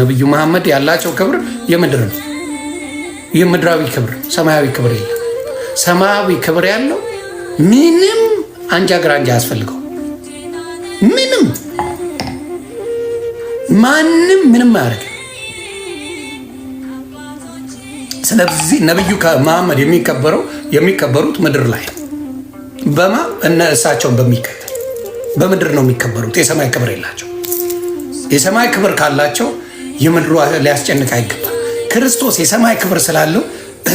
ነብዩ መሐመድ ያላቸው ክብር የምድር ነው። የምድራዊ ክብር፣ ሰማያዊ ክብር የለም። ሰማያዊ ክብር ያለው ምንም አንጃ ግራንጃ ያስፈልገው ምንም ማንም ምንም አያደርግ። ስለዚህ ነብዩ መሐመድ የሚከበረው የሚከበሩት ምድር ላይ በማ እነ እሳቸውን በሚከተል በምድር ነው የሚከበሩት። የሰማይ ክብር የላቸው። የሰማይ ክብር ካላቸው የምድሩ ሊያስጨንቅ አይገባል። ክርስቶስ የሰማይ ክብር ስላለው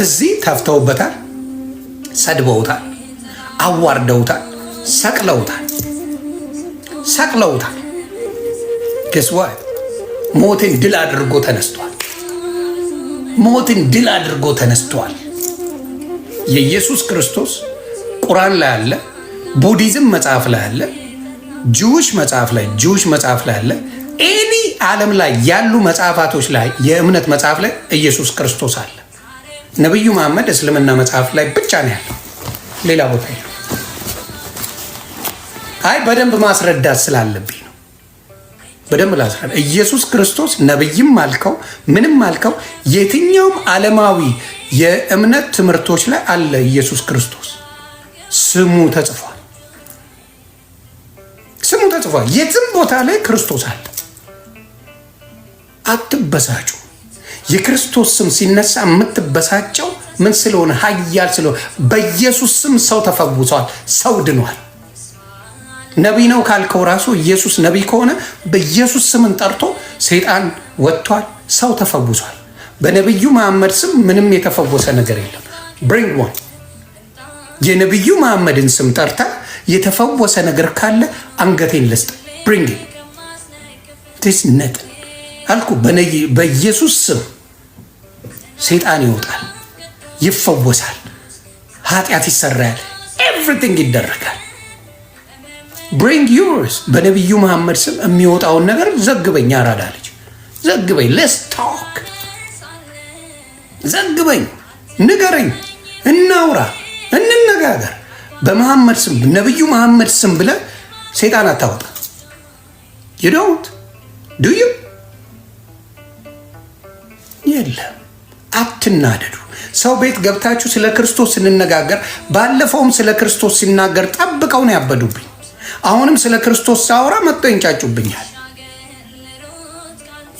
እዚህ ተፍተውበታል፣ ሰድበውታል፣ አዋርደውታል፣ ሰቅለውታል ሰቅለውታል። ገስዋ ሞትን ድል አድርጎ ተነስቷል። ሞትን ድል አድርጎ ተነስቷል። የኢየሱስ ክርስቶስ ቁራን ላይ አለ፣ ቡዲዝም መጽሐፍ ላይ አለ፣ ጁውሽ መጽሐፍ ላይ ጁውሽ መጽሐፍ ላይ አለ ዓለም ላይ ያሉ መጽሐፋቶች ላይ የእምነት መጽሐፍ ላይ ኢየሱስ ክርስቶስ አለ። ነቢዩ መሐመድ እስልምና መጽሐፍ ላይ ብቻ ነው ያለው፣ ሌላ ቦታ አይ በደንብ ማስረዳት ስላለብኝ ነው። በደንብ ላስረዳ። ኢየሱስ ክርስቶስ ነብይም አልከው ምንም አልከው የትኛውም ዓለማዊ የእምነት ትምህርቶች ላይ አለ ኢየሱስ ክርስቶስ ስሙ ተጽፏል። ስሙ ተጽፏል። የትም ቦታ ላይ ክርስቶስ አለ። አትበሳጩ። የክርስቶስ ስም ሲነሳ የምትበሳጨው ምን ስለሆነ? ኃያል ስለሆነ። በኢየሱስ ስም ሰው ተፈውሷል፣ ሰው ድኗል። ነቢይ ነው ካልከው ራሱ ኢየሱስ ነቢይ ከሆነ በኢየሱስ ስምን ጠርቶ ሰይጣን ወጥቷል፣ ሰው ተፈውሷል። በነቢዩ መሐመድ ስም ምንም የተፈወሰ ነገር የለም። ብሪንግ ዋን የነቢዩ መሐመድን ስም ጠርታ የተፈወሰ ነገር ካለ አንገቴን ልስጥ። ብሪንግ ቲስ ነጥ አልኩ። በኢየሱስ ስም ሰይጣን ይወጣል፣ ይፈወሳል፣ ኃጢአት ይሰራል፣ ኤቭሪቲንግ ይደረጋል። ብሪንግ ዩርስ በነቢዩ መሐመድ ስም የሚወጣውን ነገር ዘግበኝ፣ አራዳ ልጅ ዘግበኝ፣ ሌስ ታክ ዘግበኝ፣ ንገረኝ፣ እናውራ፣ እንነጋገር። በመሐመድ ስም ነቢዩ መሐመድ ስም ብለ ሰይጣን አታወጣ። ዩ ዶንት ዱ ዩ የለም አትናደዱ። ሰው ቤት ገብታችሁ ስለ ክርስቶስ ስንነጋገር፣ ባለፈውም ስለ ክርስቶስ ሲናገር ጠብቀው ነው ያበዱብኝ። አሁንም ስለ ክርስቶስ ሳወራ መጥቶ ይንጫጩብኛል።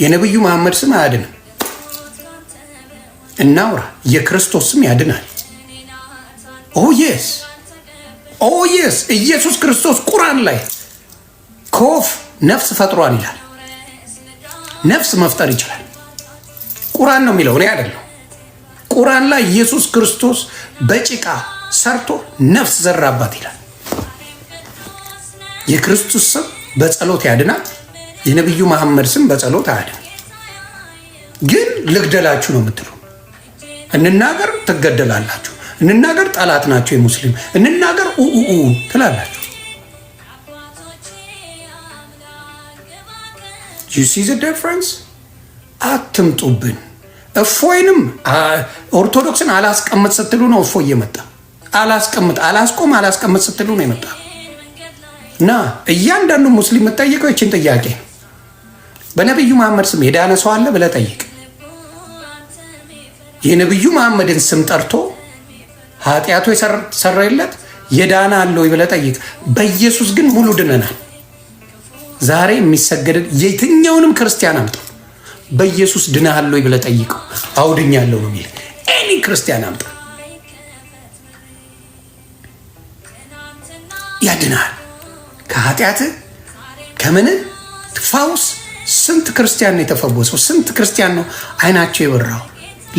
የነቢዩ መሐመድ ስም አያድንም። እናውራ፣ የክርስቶስ ስም ያድናል። ኦ የስ ኦ የስ ኢየሱስ ክርስቶስ ቁርአን ላይ ከወፍ ነፍስ ፈጥሯል ይላል። ነፍስ መፍጠር ይችላል። ቁራን ነው የሚለው እኔ አይደለሁ። ቁራን ላይ ኢየሱስ ክርስቶስ በጭቃ ሰርቶ ነፍስ ዘራባት ይላል። የክርስቶስ ስም በጸሎት ያድናል። የነቢዩ መሐመድ ስም በጸሎት አያድን። ግን ልግደላችሁ ነው የምትለው። እንናገር ትገደላላችሁ፣ እንናገር ጠላት ናቸው የሙስሊም እንናገር ኡኡኡ ትላላችሁ። ዩ ሲ ዘ ዲፍረንስ አትምጡብን። እፎይንም ኦርቶዶክስን አላስቀምጥ ስትሉ ነው እፎይ የመጣ አላስቀምጥ አላስቆም አላስቀምጥ ስትሉ ነው የመጣ እና እያንዳንዱ ሙስሊም የምጠይቀው ይችን ጥያቄ በነቢዩ መሐመድ ስም የዳነ ሰው አለ ብለህ ጠይቅ። የነቢዩ መሐመድን ስም ጠርቶ ኃጢአቱ የሰረየለት የዳነ አለ ወይ ብለህ ጠይቅ። በኢየሱስ ግን ሙሉ ድነናል። ዛሬ የሚሰገድን የትኛውንም ክርስቲያን አምጠው በኢየሱስ ድናሃለ ብለህ ጠይቀው። አውድኛለሁ በሚል ኤኒ ክርስቲያን አምጣ ያድናል ከኃጢአት ከምን ፈውስ። ስንት ክርስቲያን ነው የተፈወሰው? ስንት ክርስቲያን ነው አይናቸው የበራው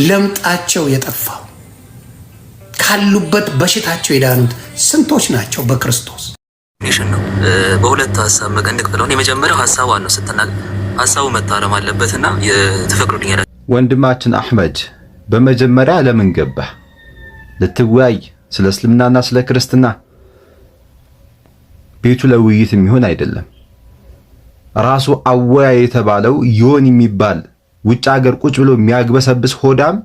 ለምጣቸው የጠፋው ካሉበት በሽታቸው የዳኑት ስንቶች ናቸው በክርስቶስ ነው። በሁለቱ ሀሳብ መቀንድ ብለሆን የመጀመሪያው ሀሳብ ሀሳቧን ነው ስትናገር ሀሳቡ መታረም አለበትና የተፈቅዶልኛ ወንድማችን አህመድ በመጀመሪያ ለምን ገባህ? ልትወያይ ስለ እስልምናና ስለ ክርስትና ቤቱ ለውይይት የሚሆን አይደለም። ራሱ አወያ የተባለው ዮን የሚባል ውጭ ሀገር ቁጭ ብሎ የሚያግበሰብስ ሆዳም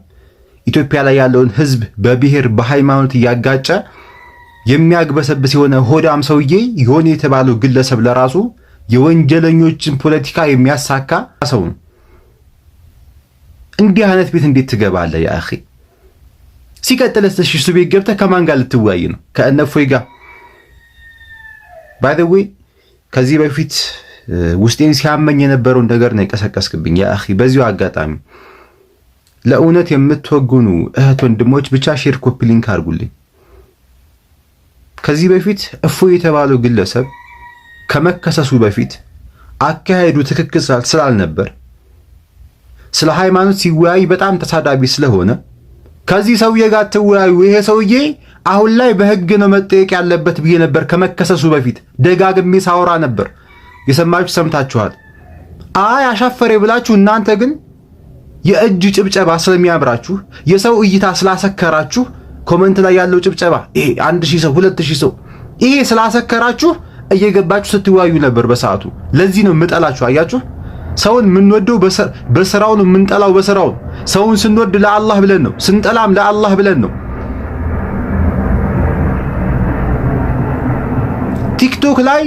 ኢትዮጵያ ላይ ያለውን ሕዝብ በብሔር በሃይማኖት እያጋጨ የሚያግበሰብስ የሆነ ሆዳም ሰውዬ ዮን የተባለው ግለሰብ ለራሱ የወንጀለኞችን ፖለቲካ የሚያሳካ ሰው ነው። እንዲህ አይነት ቤት እንዴት ትገባለህ? ያ አኺ ሲቀጥለስ እሱ ቤት ገብተህ ከማን ጋር ልትወያይ ነው? ከእነ እፎይ ጋር ባይ ዘ ዌይ ከዚህ በፊት ውስጤን ሲያመኝ የነበረውን ነገር ነው የቀሰቀስክብኝ። ያ አኺ በዚሁ አጋጣሚ ለእውነት የምትወግኑ እህት ወንድሞች ብቻ ሼር ኮፒ ሊንክ አድርጉልኝ። ከዚህ በፊት እፎይ የተባለው ግለሰብ ከመከሰሱ በፊት አካሄዱ ትክክል ስላልነበር ስለ ሃይማኖት ሲወያይ በጣም ተሳዳቢ ስለሆነ ከዚህ ሰውዬ ጋር ትወያዩ፣ ይሄ ሰውዬ አሁን ላይ በህግ ነው መጠየቅ ያለበት ብዬ ነበር። ከመከሰሱ በፊት ደጋግሜ ሳወራ ነበር። የሰማችሁ ሰምታችኋል። አይ አሻፈሬ ብላችሁ እናንተ ግን የእጅ ጭብጨባ ስለሚያምራችሁ የሰው እይታ ስላሰከራችሁ ኮመንት ላይ ያለው ጭብጨባ ይሄ አንድ ሺህ ሰው ሁለት ሺህ ሰው ይሄ ስላሰከራችሁ እየገባችሁ ስትወያዩ ነበር በሰዓቱ። ለዚህ ነው የምጠላችሁ። አያችሁ፣ ሰውን የምንወደው በስራው ነው፣ የምንጠላው በስራው ሰውን ስንወድ ለአላህ ብለን ነው፣ ስንጠላም ለአላህ ብለን ነው። ቲክቶክ ላይ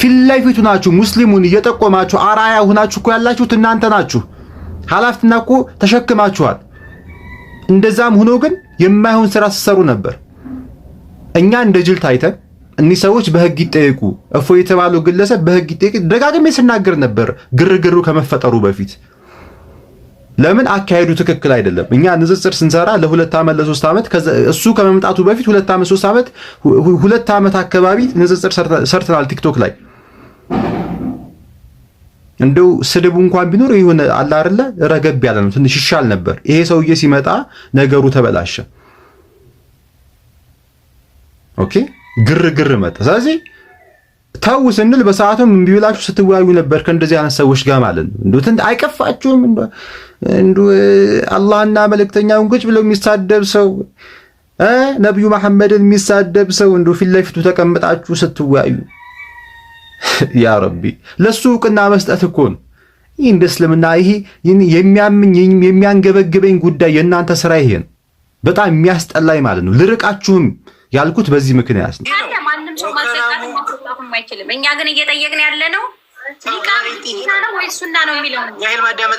ፊት ለፊቱ ናችሁ፣ ሙስሊሙን እየጠቆማችሁ አራያ ሁናችሁ እኮ ያላችሁት እናንተ ናችሁ። ኃላፊነት እኮ ተሸክማችኋል። እንደዛም ሆኖ ግን የማይሆን ስራ ሲሰሩ ነበር። እኛ እንደ ጅል ታይተን እኒህ ሰዎች በህግ ይጠየቁ። እፎ የተባለው ግለሰብ በህግ ይጠየቅ ደጋግሜ ስናገር ነበር፣ ግርግሩ ከመፈጠሩ በፊት ለምን አካሄዱ ትክክል አይደለም። እኛ ንጽጽር ስንሰራ ለሁለት ዓመት ለሶስት ዓመት እሱ ከመምጣቱ በፊት ሁለት ዓመት ሶስት ዓመት ሁለት ዓመት አካባቢ ንጽጽር ሰርተናል ቲክቶክ ላይ እንደው ስድቡ እንኳን ቢኖር ይሁን አለ አይደለ ረገብ ያለ ነው፣ ትንሽ ይሻል ነበር። ይሄ ሰውዬ ሲመጣ ነገሩ ተበላሸ። ኦኬ ግርግር መጣ። ስለዚህ ተው ስንል በሰዓቱም እምቢ ብላችሁ ስትወያዩ ነበር ከእንደዚህ አይነት ሰዎች ጋር ማለት ነው። እንዱትን አይቀፋችሁም? እንዱ አላህና መልእክተኛውን ቁጭ ብለው የሚሳደብ ሰው ነብዩ መሐመድን የሚሳደብ ሰው እንዱ ፊት ለፊቱ ተቀምጣችሁ ስትወያዩ ያ ረቢ ለሱ እውቅና መስጠት እኮ ነው። ይህ እንደ እስልምና ይሄ የሚያምኝ የሚያንገበግበኝ ጉዳይ የእናንተ ስራ ይሄ በጣም የሚያስጠላኝ ማለት ነው። ልርቃችሁም ያልኩት በዚህ ምክንያት ነው። ማንም ሰው አይችልም። እኛ ግን እየጠየቅን ያለ ነው ነው ወይ ሱና ነው የሚለው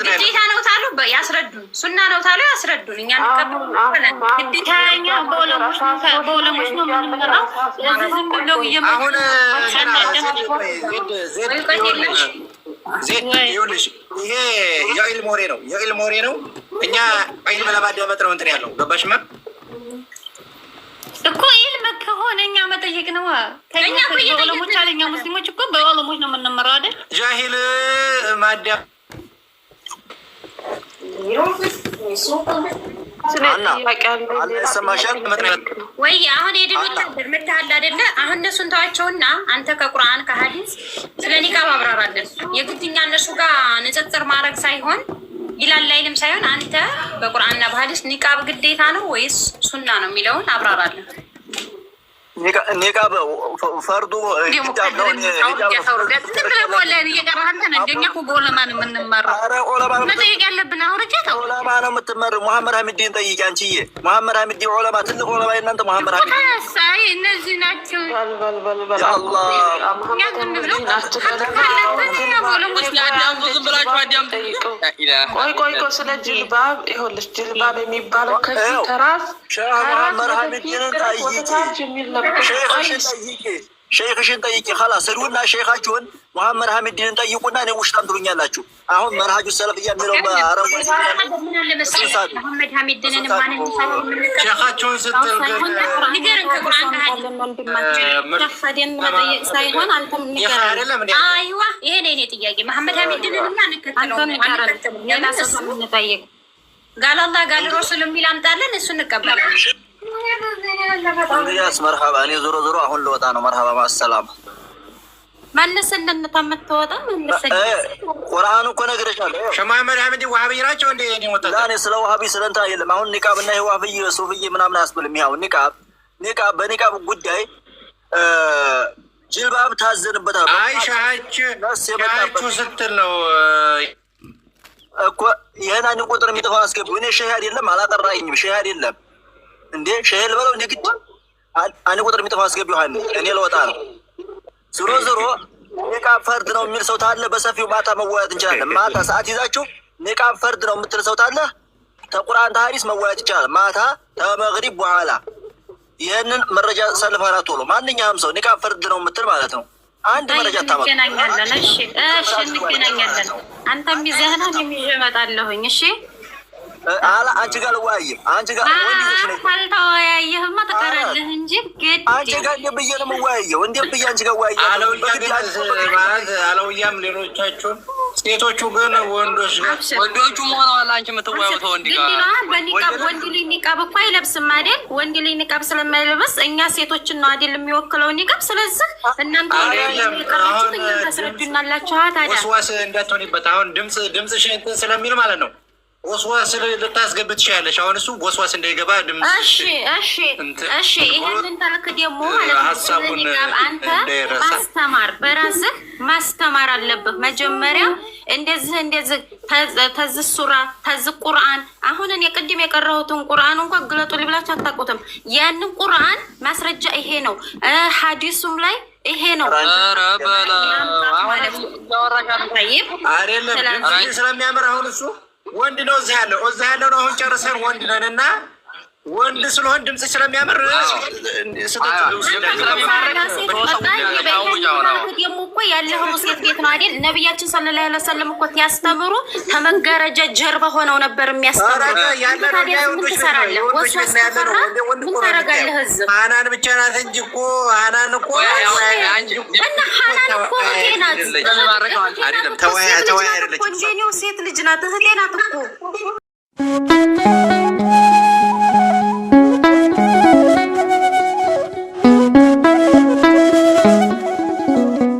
ግዴታ ነው ታሉ ያስረዱን። ሱና ነው ታሉ ያስረዱን። እኛ ግዴታኛ ነው የምንመራው። ዝም ብለው ይሄ ነው ነው። እኛ ለማዳመጥ ነው እንትን ያለው ገባሽማ እኛ አለ። እኛ ሙስሊሞች እኮ ነው የምንመራው አይደል? ጃሂል ማዲያ ወይ አሁን አይደለ? አሁን እነሱን ተዋቸውና አንተ ከቁርአን ከሀዲስ ስለ ኒቃብ አብራራለን። የግድኛ እነሱ ጋር ንጽጽር ማድረግ ሳይሆን ይላል ላይልም ሳይሆን አንተ በቁርአንና በሀዲስ ኒቃብ ግዴታ ነው ወይስ ሱና ነው የሚለውን አብራራለን። ኒቃብ ፈርዱ ኦለማ ነው የምትመር። መሐመድ ሀሚዲን ጠይቂ አንቺዬ። መሐመድ ሀሚዲ ኦለማ፣ ትልቅ ሼይክሽን ጠይቂ ኸላ ሂዱና ሼካችሁን መሐመድ ሀሚድን ጠይቁና እኔ ውሽጣም ትሉኛላችሁ። አሁን መርሃጁ ሰለፍያ የሚለው በአረንጓዴ ስትል አይደለም ጋላላ ጋል ሮሱል የሚል አምጣለን እሱ እንቀበላለን። እንግዲያስ መርሃባ። እኔ ዞሮ ዞሮ አሁን ልወጣ ነው። መርሃባ ማሰላም እንደነታ መተወጣ መልስልን። ቁርአኑ እኮ ሸማ ሸማህ ስለ ስለ እንትን አይደለም። አሁን ኒቃብ እና ምናምን አያስብልም። ኒቃብ ኒቃብ በኒቃብ ጉዳይ ጅልባብ ታዘንበታል። አይ ሻች ስትል ነው እኮ ይህን ቁጥር አስገቡ። እኔ ሸህ አይደለም አላጠራኝም። ሸህ አይደለም እንዴ ሸሄል በለው እንደ ግድ አንድ ቁጥር የሚጠፋ አስገቢዋል። እኔ ለወጣ ነው። ዞሮ ዞሮ ኒቃብ ፈርድ ነው የሚል ሰው ታለ በሰፊው ማታ መወያየት እንችላለን። ማታ ሰዓት ይዛችሁ ኒቃብ ፈርድ ነው የምትል ሰው ታለ ተቁርአን ተሀዲስ መወያየት ይቻላል። ማታ ተመግሪብ በኋላ ይህንን መረጃ ሰልፈራ ቶሎ ማንኛውም ሰው ኒቃብ ፈርድ ነው የምትል ማለት ነው። አንድ መረጃ ታባል እንገናኛለን። እሺ እሺ፣ እንገናኛለን። አንተም ይዘህና እኔም ይዤ እመጣለሁኝ። እሺ አንቺ ጋር ልወያይም አንቺ ጋር ካልተወያየህማ ትቀራለህ እንጂ ግድ አንቺ ጋር እንደ ብዬሽ ነው የምወያየው። እንደ ብዬሽ አንቺ ጋር ወያየ አለውያም ሌሎቻችሁን ሴቶቹ ግን ወንዶች ወንዶቹ ሆነዋል። አንቺ የምትወያዩ ተወንድ ጋር ወንድ ልጅ ኒቃብ እኮ አይለብስም አይደል? ወንድ ልጅ ኒቃብ ስለማይለብስ እኛ ሴቶችን ነው አይደል የሚወክለው ኒቃብ። ስለዚህ እናንተ ታስረዱናላችኋ። ታዲያ ወስዋስ እንዳትሆንበት አሁን ድምፅ ድምፅሽ እንትን ስለሚል ማለት ነው ወስዋስ ልታስገብ ትችያለሽ። አሁን እሱ ወስዋስ እንዳይገባ ድም እሺ፣ እሺ፣ እሺ። ይሄንን ተልክ ደግሞ ማለት ነው አንተ ማስተማር በራስህ ማስተማር አለብህ። መጀመሪያ እንደዚህ እንደዚህ ተዝ ሱራ ተዝ ቁርአን አሁን እኔ ቅድም የቀረሁትን ቁርአን እንኳ ግለጡልኝ ብላችሁ አታውቁትም። ያንን ቁርአን ማስረጃ ይሄ ነው፣ ሀዲሱም ላይ ይሄ ነው። ስለሚያምር አሁን እሱ ወንድ ነው እዛ ያለው እዛ ያለው ነው። አሁን ጨርሰን ወንድ ነን እና ወንድ ስለሆን ድምፅ ስለሚያምር ደግሞ እኮ ያለኸው ሴት ቤት ነው አይደል? ነቢያችን ሰለላሁ ዐለይሂ ወሰለም እኮ ያስተምሩ ከመጋረጃ ጀርባ ሆነው ነበር የሚያስተምሩ። ብቻ ናት እንጂ እኮ ሀናን እኮ እኮ እህቴ ሴት ልጅ ናት፣ እህቴ ናት እኮ